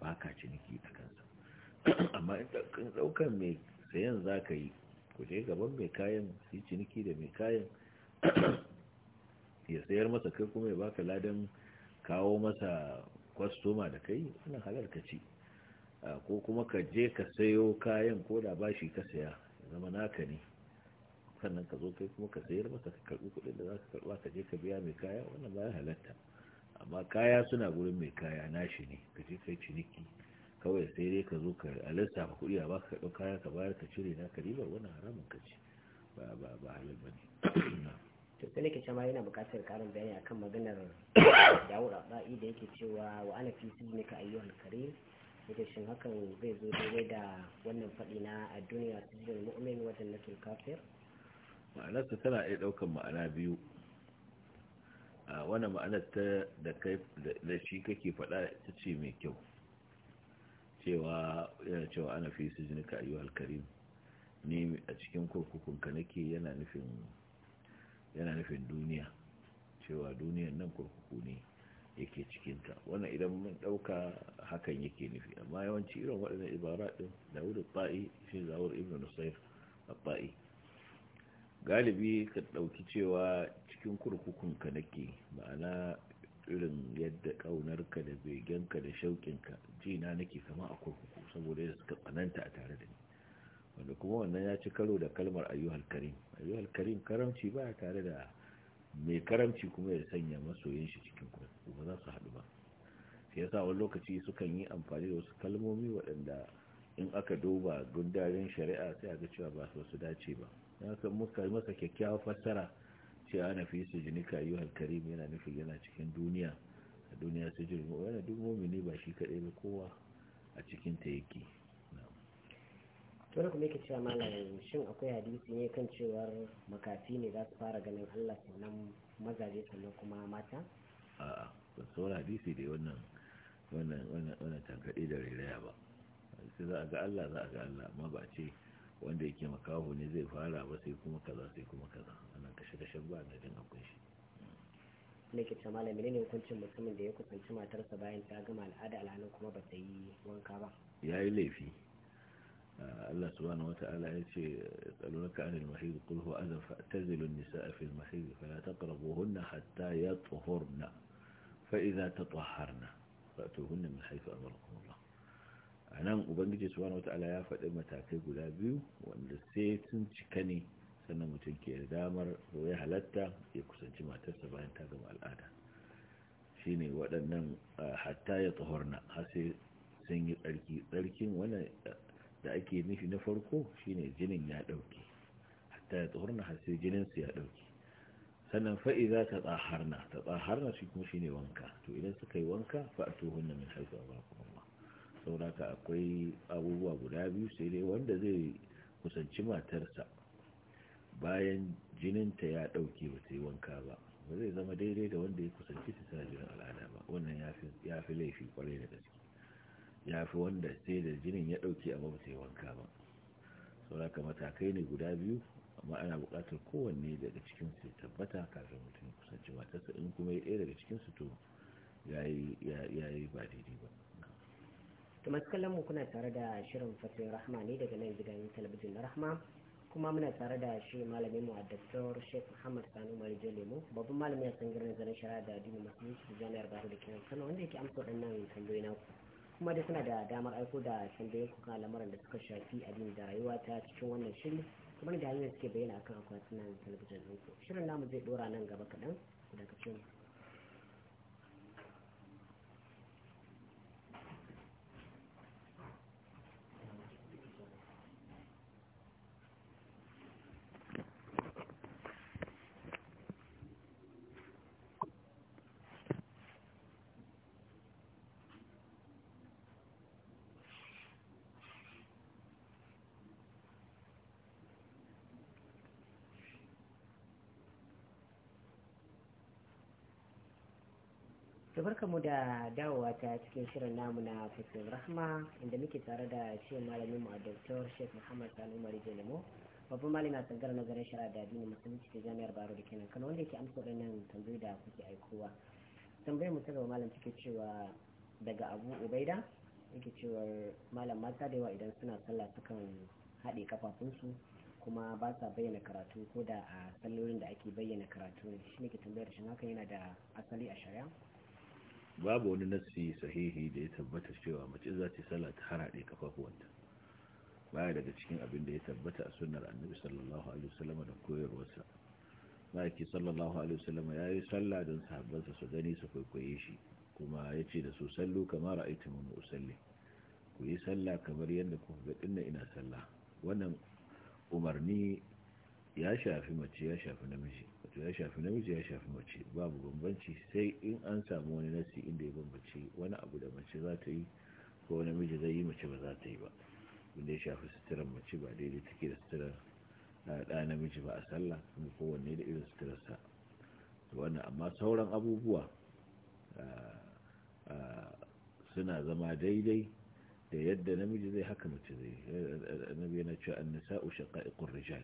ba ka ciniki a kansa amma in ɗaukan mai sayan za yi ku je gaban mai kayan yi ciniki da mai kayan ya sayar masa kai kuma ya baka ladan kawo masa kwastoma da kai wannan halar ka ci ko kuma ka je ka sayo kayan ko da bashi ka saya zama naka ne sannan ka zo kai kuma ka sayar masa ka karbi kuɗin da za ka karba ka je ka biya mai kaya wannan ba ya halatta amma kaya suna gurin mai kaya nashi ne ka je kai ciniki kawai sai dai ka zo ka alarsa ba kuɗi a baka ka ɗau kaya ka bayar ka cire na ka ribar wannan haramun ka ci ba ba ba halal ba ne to sai nake cewa yana buƙatar karin bayani akan maganar Dawud Abai da yake cewa wa ana fi ka ayyuhal karim yake shin hakan zai zo daidai da wannan fadi na a duniya sujudul mu'min wa na kafir ma'anar ta tana iya ɗaukar ma'ana biyu a wani ma'anar ta da kai da shi kake faɗa ta ce mai kyau cewa yana cewa ana fi ka ayyuhal karim ni a cikin kurkukunka nake yana nufin yana nufin duniya cewa duniyan nan kurkuku ne yake cikinta wannan idan mun ɗauka hakan yake nufi amma yawanci irin waɗannan ibara ɗin dawud ba'i shi zawur ibn nusayr ba'i galibi ka ɗauki cewa cikin kurkukun ka nake ma'ana irin yadda kaunar ka da ka da ka jina nake kama a kurkuku saboda yadda suka tsananta a tare da ni wanda kuma wannan ya ci karo da kalmar ayyuhal karim ayyuhal karim karamci ba tare da mai karamci kuma ya sanya masoyin shi cikin kuma za su haɗu ba ya yasa wani lokaci sukan yi amfani da wasu kalmomi waɗanda in aka duba gundarin shari'a sai aka cewa ba su dace ba ya san muka yi masa kyakkyawa fassara cewa ana fi su jinika ayyuhal karim yana nufin yana cikin duniya a duniya su jirgin wani duk ne ba shi kaɗai ba kowa a cikin ta yake to da kuma yake cewa malamin shin akwai hadisi ne kan cewar makafi ne za su fara ganin Allah sannan mazaje sannan kuma mata a'a ba sauran hadisi dai wannan wannan wannan wannan tankaɗe da rairaya ba sai za a ga Allah za a ga Allah amma ba ce wanda yake makaho ne zai fara ba sai kuma kaza sai kuma kaza wannan kashe kashe ba na jin akwai shi ne ke cewa malami ne hukuncin mutumin da ya kusanci matarsa bayan ta gama al'ada alhalin kuma ba ta yi wanka ba ya yi laifi Allah subhanahu wata'ala ya ce tsaluraka anil mahid qul huwa adha fa'tazilu an-nisaa fil mahid fala taqrabuhunna hatta yatahurna fa idza tatahharna fa'tuhunna min haythu amarakum Allah anan ubangiji subhanahu wata'ala ya faɗi matakai guda biyu wanda sai sun cika ne sannan mutum ke da damar ya halatta ya kusanci matarsa bayan ta gama al'ada shine waɗannan hatta ya tsohorna har sai sun yi tsarki tsarkin da ake nufi na farko shine jinin ya dauke hatta ya tsohurna har sai jinin su ya dauke sannan fa'iza ta tsaharna ta tsaharna shi kuma shine wanka to idan suka yi wanka fa'atuhunna min haizu abakumullah sauraka akwai abubuwa guda biyu sai dai wanda zai kusanci matarsa bayan jininta ya dauke ba ta yi wanka ba ba zai zama daidai da wanda ya kusanci ta jinin al'ada ba wannan ya fi laifi kwarai da gaske ya fi wanda sai da jinin ya dauke a ba sai wanka ba sauraka matakai ne guda biyu amma ana bukatar kowanne daga cikinsu tabbata kafin mutum kusanci matarsa in kuma ya ɗaya daga cikinsu to ya yi ba daidai ba to masu kallon mu kuna tare da shirin fatin rahma ne daga nan gidan talabijin na rahma kuma muna tare da shi malamin mu a daktar sheikh muhammad sanu marijo lemo babban malamin a tsangirar nazarin shara da yi su jami'ar bahu da kenan kano wanda yake amsa waɗannan kallo na ku kuma dai suna da damar aiko da tambayoyin ku kan al'amuran da suka shafi addini da rayuwa ta cikin wannan shiri kamar da hanyar suke bayyana akan akwatunan talabijin ɗinku shirin namu zai ɗora nan gaba kaɗan ku daga cikin barkamu da dawowa ta cikin shirin namu na fitin rahma inda muke tare da ce malamin mu a doktor sheikh muhammad sanu mari jelimo babban malami a tsangar nazarin shara da addinin musulunci ta jami'ar baro da kenan kano wanda yake amsa nan tambayi da kuke aikowa tambayi mu ta gaba malam take cewa daga abu ubaida yake cewa malam mata da yawa idan suna sallah sukan haɗe kafafunsu kuma ba sa bayyana karatu ko da a sallolin da ake bayyana karatu shi ne ke tambayar shi haka yana da asali a shari'a babu wani nassi sahihi da ya tabbata cewa mace za ta sallah ta harade kafafuwanta baya daga cikin abin da ya tabbata a sunnar annabi sallallahu alaihi wasallam da koyarwarsa ma'aiki sallallahu alaihi wasallam ya yi sallah don sahabbansa su gani su kwaikwaye shi kuma ya ce da su sallu kamar ra'aitu mun usalli ku yi sallah kamar yadda ku ga dinna ina sallah wannan umarni ya shafi mace ya shafi namiji wato ya shafi namiji ya shafi mace babu bambanci sai in an samu wani nasi inda ya bambanci wani abu da mace za ta yi ko namiji zai yi mace ba za ta yi ba inda ya shafi suturan mace ba daidai take da suturan ah, ɗa namiji ba a sallah kuma kowanne da irin suturarsa wannan amma sauran abubuwa ah, ah, suna zama daidai da yadda namiji zai haka mace zai annabi yana cewa annasa'u shaqa'iqur rijal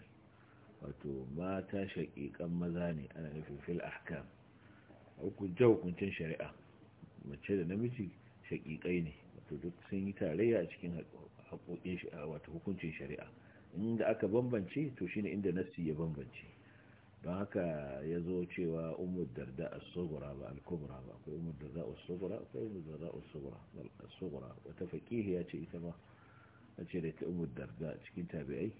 wato mata shaƙiƙan maza ne ana nufin fil ahkam a hukuncin shari'a mace da namiji shaƙiƙai ne wato duk sun yi tarayya a cikin haƙoƙin wato hukuncin shari'a inda aka bambance to shine inda nassi ya bambance ba haka ya zo cewa umar darda a ba al ba akwai umar darda a sogora akwai umar darda a sogora wata faƙihi ya ce ita ba a ce da ita umar darda cikin tabi'ai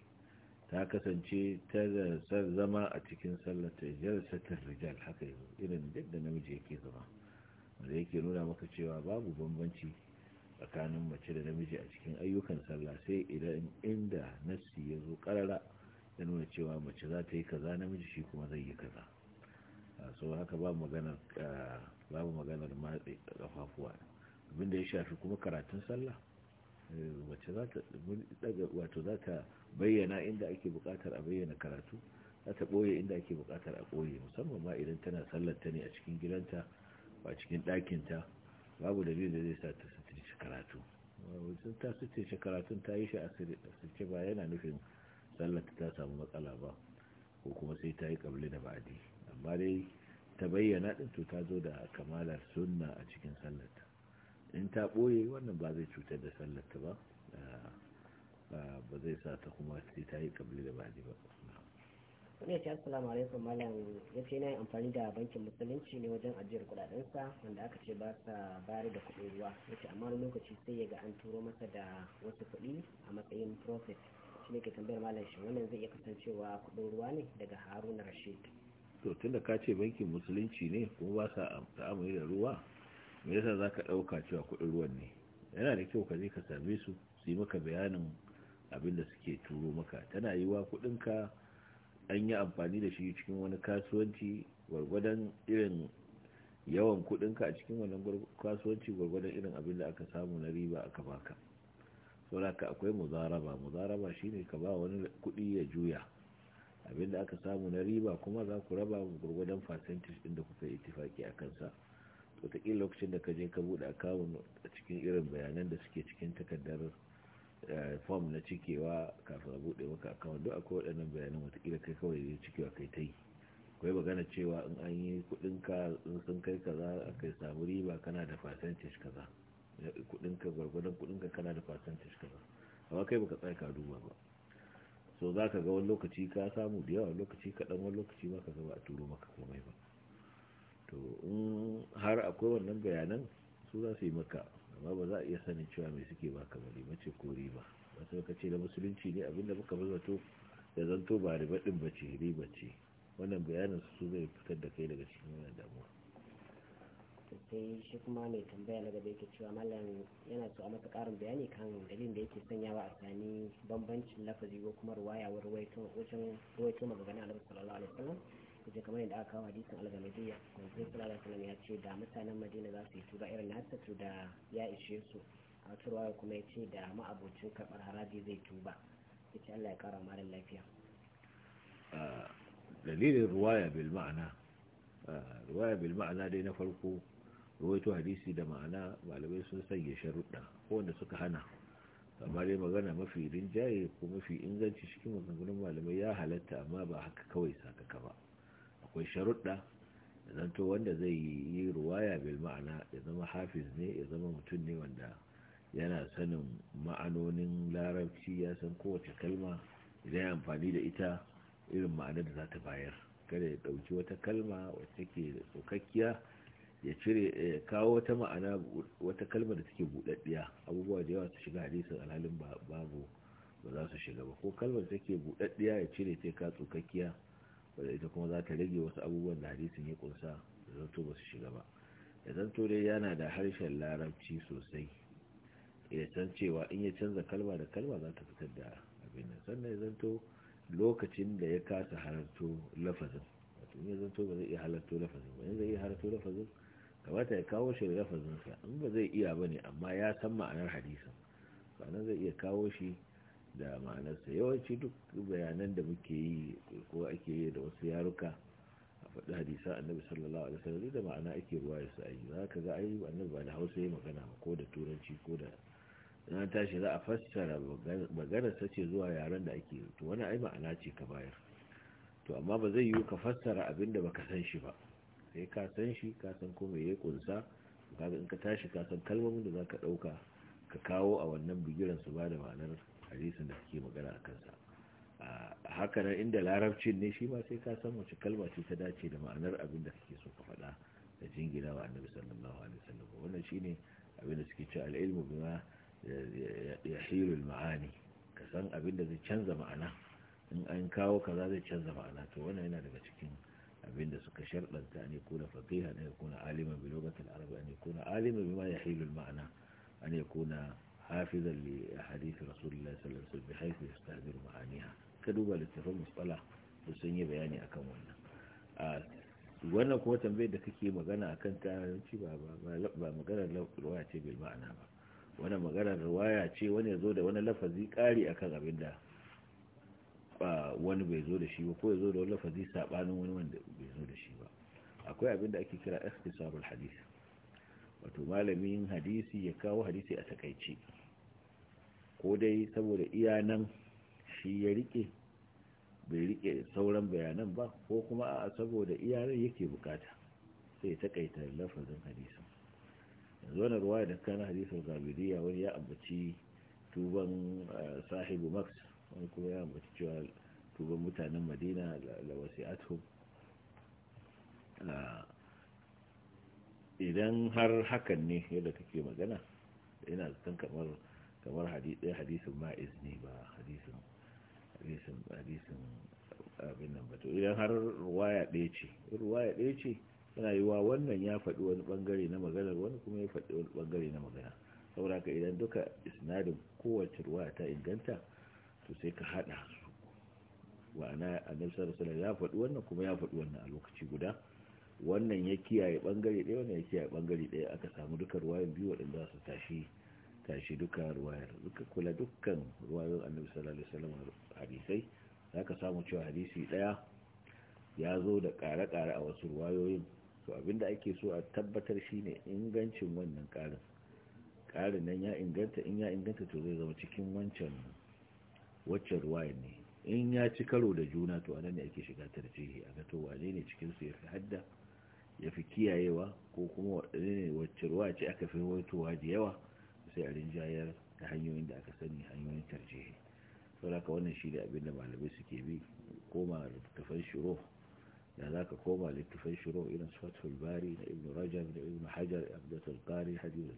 ta kasance ta zama a cikin sallata ta rijal haka irin yadda namiji yake zama wanda yake nuna maka cewa babu bambanci tsakanin mace da namiji a cikin ayyukan sallah sai idan inda nassi ya zo karara ya nuna cewa mace za ta yi kaza namiji shi kuma zai yi kaza so haka babu maganar babu maganar kafafuwa abinda ya shafi kuma karatun sallah Eh, wacce za ta wato za ta bayyana inda ake bukatar a bayyana karatu za ta ɓoye inda ake bukatar a ɓoye musamman ma idan tana sallanta ne a cikin gidanta ba cikin ɗakinta babu dalilin da zai sa ta sutirce karatu wajen ta sutirce karatun ta yi shi a sirce ba yana nufin sallanta ta samu matsala ba ko kuma sai ta yi kabli da ba'adi amma dai ta bayyana ɗin to ta zo da kamalar sunna a cikin sallanta in ta ɓoye wannan ba zai cutar da sallata ba ba zai sa ta kuma sai ta yi kabli da bani ba wani ya ce assalamu alaikum malam ya ce na yi amfani da bankin musulunci ne wajen ajiyar kudadensa wanda aka ce ba sa bayar da kuɗin ruwa ya ce amma lokaci sai ya ga an turo masa da wasu kuɗi a matsayin profit shi ne ke tambayar malam shi wannan zai iya kasancewa kuɗin ruwa ne daga haruna rashid to tunda ka ce bankin musulunci ne kuma ba sa ta'amuli da ruwa me yasa za ka ɗauka cewa kuɗin ruwan ne yana da kyau ka je ka same su su yi maka bayanin abin da suke turo maka tana yi wa kuɗinka an yi amfani da shi cikin wani kasuwanci gwargwadon irin yawan kuɗinka a cikin wannan kasuwanci gwargwadon irin abin da aka samu na riba aka baka sauraka akwai muzaraba muzaraba shine ka ba wani kuɗi ya juya abin da aka samu na riba kuma za ku raba gwargwadon fasentis ɗin da kuka yi itifaki a kansa watakila lokacin da ka je ka buɗe akawun a cikin irin bayanan da suke cikin takardar eh, fom na cikewa kafin a buɗe maka akawun duk akwai waɗannan bayanan wataƙila kai kawai ne cikewa kai ta yi akwai magana cewa in an yi kudinka in sun kai kaza kai samu riba kana da percentage kaza kudinka gwargwadon kudinka kana da ka kaza amma kai baka tsaya ka duba ba so za ka ga wani lokaci ka samu da yawa lokaci kaɗan wani lokaci ba ka gaba a turo maka komai ba to in har akwai wannan bayanan su za su yi maka amma ba za a iya sanin cewa mai suke ba kamar limace ko riba wasu ka ce da musulunci ne abinda muka bazato da zanto ba riba din ba ce riba ce wannan bayanan su zai fitar da kai daga cikin wannan damuwa sai shi kuma mai tambaya na gaba yake cewa mallam yana so a masa karin bayani kan dalilin da yake sanyawa a tsani bambancin lafazi ko kuma ruwaya wa ruwaito wajen ruwaito magana alaihi sallallahu alaihi wasallam kuje kamar yadda aka kawo hadisin algaladiyya wanzu sallallahu alaihi wasallam ya ce da mutanen madina za su yi tuba irin nasa to da ya ishe su a turwa kuma ya ce da ma'abocin karɓar haraji zai tuba ya ce allah ya kara mara lafiya dalilin ruwaya bil ma'ana ruwaya bil ma'ana dai na farko ruwaito hadisi da ma'ana malamai sun sanya sharuɗa wanda suka hana amma dai magana mafi rinjaye ko mafi inganci cikin maganganun malamai ya halatta amma ba haka kawai sakaka ba akwai sharuɗa zanto wanda zai yi ruwaya bil ma'ana ya zama hafiz ne ya zama mutum ne wanda yana sanin ma'anonin larabci ya san kowace kalma idan ya amfani da ita irin ma'anar da za ta bayar kada ya ɗauki wata kalma wacce ke da ya cire kawo wata ma'ana wata kalma da take buɗaɗɗiya abubuwa da yawa su shiga hadisin alhalin babu ba za su shiga ba ko kalmar take buɗaɗɗiya ya cire ta ka tsokakkiya wadda ita kuma za ta rage wasu abubuwan da hadisin ya kunsa da zanto ba su shiga ba ya zanto dai yana da harshen larabci sosai ya san cewa in ya canza kalma da kalma za ta fitar da abin nan sannan ya zanto lokacin da ya kasa halarto lafazin wato in ya zanto ba zai iya halarto lafazin ba in zai iya halarto lafazin kamata ya kawo shi da lafazinsa in ba zai iya ba ne amma ya san ma'anar hadisin sannan zai iya kawo shi da ma'anarsa yawanci duk bayanan da muke yi ko ake yi da wasu yaruka a faɗi hadisa annabi sallallahu alaihi wasallam da ma'ana ake ruwa ya sa'i za ka ga ai annabi ba da hausa ya magana ba ko da turanci ko da na tashi za a fassara magana sa ce zuwa yaren da ake to wani ai ma'ana ce ka bayar to amma ba zai yiwu ka fassara abin da baka san shi ba sai ka san shi ka san ko me ya kunsa kaga in ka tashi ka san kalmomin da zaka dauka ka kawo a wannan bigiran su ba da ma'anar hadisin da suke magana a kansa a haka nan inda larabcin ne shi ma sai ka san wace kalma ce ta dace da ma'anar abin da kake so ka faɗa da jingina wa annabi sallallahu alaihi wasallam wannan shine abin da suke cewa al-ilmu bima yahilu al-ma'ani ka san abin da zai canza ma'ana in an kawo kaza zai canza ma'ana to wannan yana daga cikin abin da suka sharɗanta an kuna faqihan an yakuna aliman bi lughati al an yakuna bima yahilu al-ma'ana an kuna. hafizan li hadith rasulullahi sallallahu alaihi wasallam bihaythu yastahdiru ma'aniha ka duba littafin musalla da sun yi bayani akan wannan wannan kuma tambayar da kake magana akan ta ci ba ba maganar ruwaya ce bil ma'ana ba wannan maganar ruwaya ce wani ya zo da wani lafazi kari akan abin da wani bai zo da shi ba ko ya zo da wani lafazi sabanin wani wanda bai zo da shi ba akwai abin da ake kira ikhtisarul hadith wato malamin hadisi ya kawo hadisi a takaice ko dai saboda iya nan shi ya rike bai rike sauran bayanan ba ko kuma a saboda iya yake bukata sai ta kaita lafazin hadisa yanzu wani ruwa da kana hadisin zabiriya wani ya ambaci tuban eh, sahibu max wani kuma ya ambaci cewa tuban mutanen madina da wasi'atu ah, idan har hakan ne yadda kake magana ina zaton kamar kamar hadisin ma'iz ne ba hadisin hadisin abin nan ba to idan har ruwaya ɗaya ce ruwaya ɗaya ce yana yi wa wannan ya faɗi wani ɓangare na magana wani kuma ya faɗi wani ɓangare na magana saboda ka idan duka isnadin kowace ruwaya ta inganta to sai ka haɗa su wa'ana annabi sallallahu alaihi ya faɗi wannan kuma ya faɗi wannan a lokaci guda wannan ya kiyaye ɓangare ɗaya wannan ya kiyaye ɓangare ɗaya aka samu duka ruwayan biyu waɗanda su tashi tashi duka ruwayar duka kula dukkan ruwayar annabi sallallahu alaihi wasallam hadisai zaka samu cewa hadisi daya ya zo da ƙare-ƙare a wasu ruwayoyin to abinda ake so a tabbatar shine ingancin wannan ƙarin karin nan ya inganta in ya inganta to zai zama cikin wancan waccan ruwayar ne in ya ci karo da juna to anan ne ake shiga tarjihi a ga to wane ne cikin su ya fi hadda ya fi kiyayewa ko kuma wane ne wacce ruwa ce aka fi wato da yawa sai a rinjayar da hanyoyin da aka sani hanyoyin tarjihi ka wannan shi da abin da malamai suke bi koma littafan shiro da za ka koma littafan shiro irin su fatul bari na ibn rajab da ibn hajar abdatul qari hadith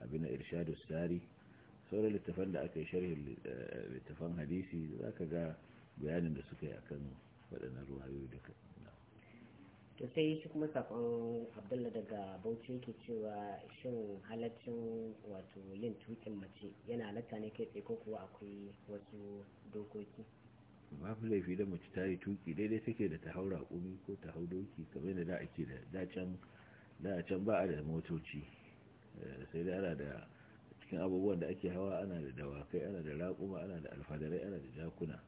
abin irshadus sari sauran littafan da aka yi sharhin eh, littafan hadisi za ka ga bayanin da suka yi akan waɗannan ruwayoyi duka to sai shi kuma sakon abdullah daga bauchi yake cewa shin halaccin wato yin tukin mace yana halatta ne kai tsaye ko kuwa akwai wasu dokoki babu laifi da mace ta yi tuki daidai take da ta rakumi ko ta hau doki kamar da da ake da da can ba a da motoci eh, sai da ana da cikin abubuwan da ake hawa ana da dawakai ana da raƙuma ana da alfadarai ana da jakuna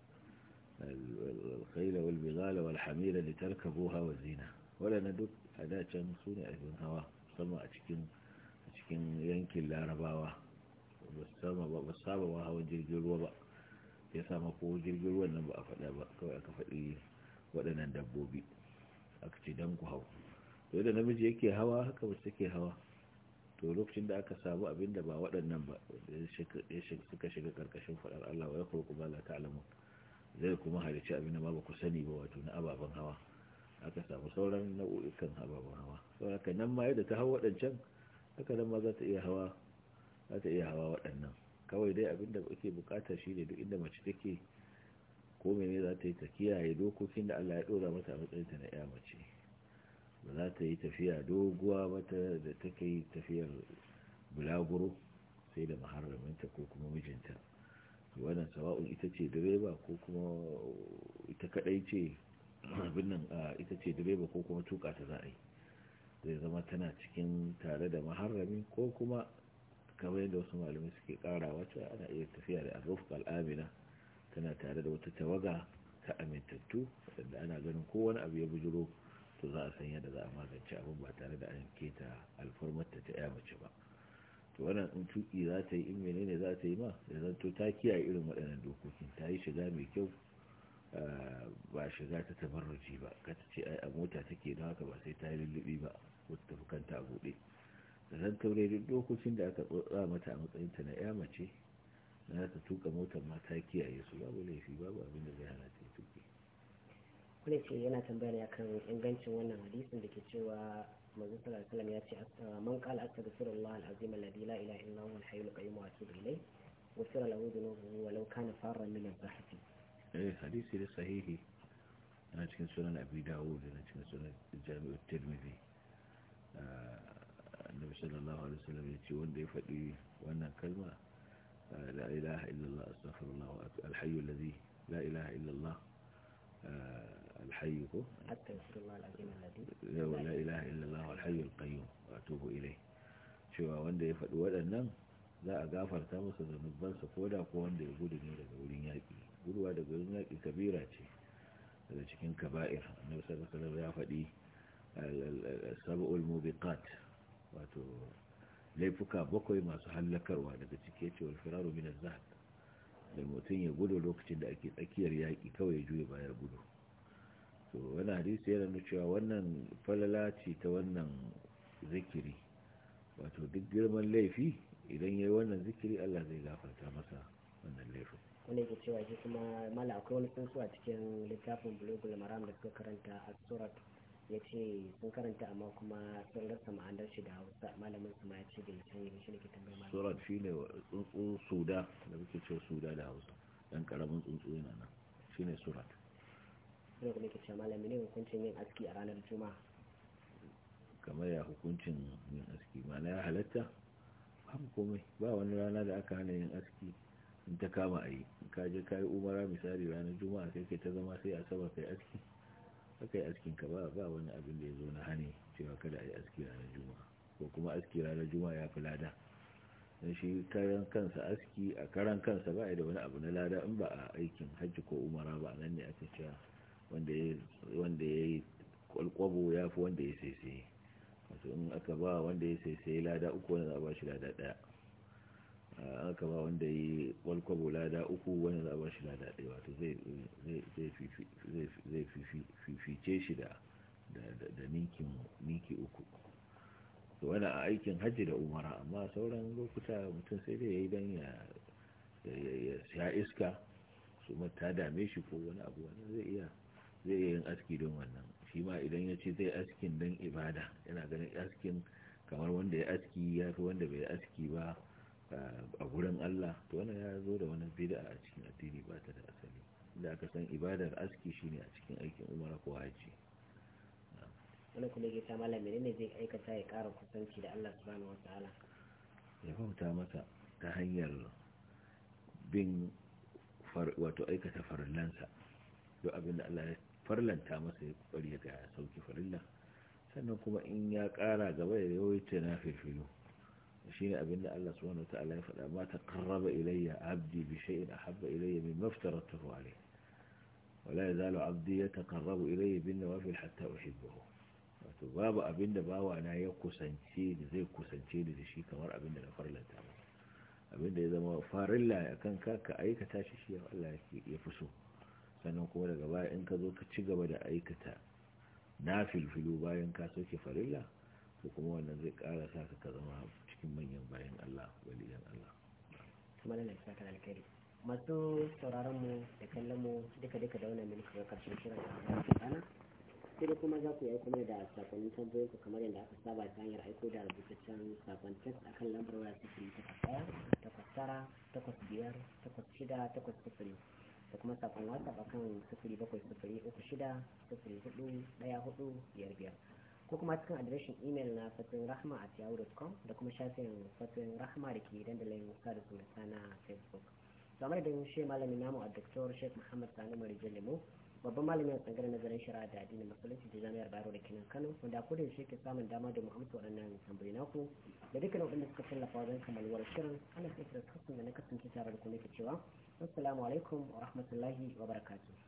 alkhaila wal bighala wal hamira litarkabuha wa zina wadannan duk a da can su ne abin hawa musamman a cikin yankin larabawa ba saba ba hawan jirgin ruwa ba ya sama ko jirgin ruwan nan a faɗa ba kawai aka faɗi waɗannan dabbobi aka dan ku hau to da namiji yake hawa haka mace take hawa to lokacin da aka samu abin da ba waɗannan ba ya suka shiga karkashin faɗar Allah wa ya karku ba la ta'lamun zai kuma halicci abin da ma ba ku sani ba wato na ababen hawa aka samu sauran nau'ikan ababen hawa saboda nan ma yadda ta hau waɗancan haka nan ma za ta iya hawa za ta iya hawa waɗannan kawai dai abin da ake bukata shi ne duk inda mace take ko mene za ta yi ta kiyaye dokokin da Allah ya ɗora mata a matsayin ta na ya mace ba za ta yi tafiya doguwa mata da take yi tafiyar bulaguro sai da maharaminta ko kuma mijinta wannan sawa'un ita ce direba ko kuma ita kadai ce abin nan ita ce direba ko kuma tuka ta za a yi zai zama tana cikin tare da maharami ko kuma kamar yadda wasu malamai suke karawa cewa ana iya tafiya da arrufka al'amina tana tare da wata tawaga ta amintattu da ana ganin ko wani abu ya bujuro to za a san yadda za a magance abin ba tare da an keta alfarmar ta ya mace ba to wannan in tuki za ta yi in menene za ta yi ma da to ta kiyaye irin waɗannan dokokin ta yi shiga mai kyau ba shiga ta tabarruci ba ka ta ce a mota take don haka ba sai ta yi lullubi ba ko ta tafi kanta a buɗe da zan taure duk dokokin da aka tsotsa mata a matsayin ta na ya mace na ta tuka motar ma ta kiyaye su babu laifi babu abin da zai hana ta yi tuki. Kuna ce yana tambaya ne akan ingancin wannan hadisin da ke cewa منذ صلى الله عليه وسلم يأتي آه، من قال أستغفر الله العظيم الذي لا إله إلا هو الحي القيوم وأتوب إليه وفر له ذنوبه ولو كان فارا من البحث. إيه حديث صحيح أنا أتكلم سنن أبي داوود أنا أتكلم سورة الجامع الترمذي آه، النبي صلى الله عليه وسلم يأتي وندي فتي وأنا كلمة آه، لا إله إلا الله أستغفر الله الحي الذي لا إله إلا الله الحي هو أستغفر الله العظيم الذي لا إله إلا الله cewa wanda ya faɗi waɗannan za a gafarta masa zanubansa ko da ko wanda ya gudu ne daga wurin yaƙi guduwa daga wurin yaƙi kabira ce daga cikin kaba'ir annabi sallallahu alaihi ya faɗi sab'ul mubiqat wato laifuka bakwai masu hallakarwa daga ciki yace wal firaru min az da mutum ya gudu lokacin da ake tsakiyar yaƙi kawai ya ba ya gudu to wani hadisi yana nuna cewa wannan falala ce ta wannan zikiri wato duk girman laifi idan yayi wannan zikiri Allah zai gafarta masa wannan laifin wanda yake cewa shi kuma mala akwai wani tsuntsu a cikin littafin bulogul maram da suka karanta a surat ya ce sun karanta amma kuma sun rasa ma'anar shi da hausa malamin su ma ya ce bai sani ba shi ne ke tambayar malamin surat shi ne tsuntsu suda da muke cewa suda da hausa dan karamin tsuntsu yana nan shi ne surat yau kuma nake ce malami ne hukuncin yin aski a ranar juma'a kamar ya hukuncin yin aski mana ya halatta babu komai ba wani rana da aka hana yin aski in ta kama a yi ka je ka yi umara misali ranar juma'a sai kai ta zama sai saba kai aski aka yi askin ka ba ba wani abin da ya zo na hane cewa kada a yi aski ranar juma'a ko kuma aski ranar juma'a ya fi lada don shi karan kansa aski a karan kansa ba da wani abu na lada in ba a aikin hajji ko umara ba nan ne ake cewa wanda ya yi kwalkwabo ya fi wanda ya sai wato in aka ba wanda ya sai lada uku wanda za a ba shi lada daya ah, aka ba wanda ya yi kwalkwabo lada uku wanda za a ba shi lada daya wato zai fifice shi da ninki uku to wani a aikin hajji da umara amma sauran lokuta mutum sai dai ya yi don ya iska su mata dame shi ko wani abu wani zai iya zai iya yin aski don wannan shi ma idan ya ce zai askin don ibada yana ganin askin kamar wanda ya aski ya fi wanda bai aski ba eh, a gurin Allah to wannan ya zo da wani bid'a a cikin addini ba ta da asali da aka san ibadar aski shine a cikin aikin umara ko haji wani kuma ke ta malam menene zai aikata ya ƙara kusanci da Allah subhanahu wataala ya bauta masa ta hanyar bin wato aikata farillansa duk abin da Allah ya farlanta masa ya kokari ya ga sauki farilla sannan kuma in ya kara gaba ya yawaita na firfilo shi ne abin da Allah subhanahu wa ta'ala ya faɗa ma ta karraba ilayya abdi bi shay'in ahabba ilayya min maftaratuhu alayhi wala yazalu abdi yataqarrabu ilayya bin nawafil hatta uhibbuhu wato babu abin da bawa na ya kusance da zai kusance da shi kamar abin da na farlanta masa abin da ya zama farilla akan ka ka aikata shi shi Allah ya fi so sannan kuma daga baya in ka zo ka ci gaba da aikata na filfilu bayan ka soke farilla to kuma wannan zai ƙara sa ka zama cikin manyan bayan Allah waliyan Allah kamar da saka alkhairi masu sauraron mu da kallon mu duka duka da wannan muka karshen shirin da ana sai kuma za ku yi kuma da sakonnin tambayoyin ku kamar yadda aka saba ta hanyar aiko da rubutaccen sakon text akan lambar waya sifiri takwas ɗaya takwas tara takwas biyar takwas shida takwas sifiri da kuma sakon whatsapp akan 0703604145 ko kuma cikin adireshin imel na fatin rahma a yahoo.com da kuma shafin fatin rahma da ke dandalin sada zumunta na facebook zamar da shi malamin namu a dr shek muhammad sani marijan lemo babban malami a tsangar nazarin shari'a da addinin musulunci da jami'ar bayero da kenan kano wanda ko da yaushe ke samun dama da muhammadu waɗannan tambayi naku da dukkan waɗanda suka tallafa wajen kamaluwar shirin ana sai da kasance da na kasance tare da ku nake cewa assalamu alaikum wa rahmatullahi wa barakatuh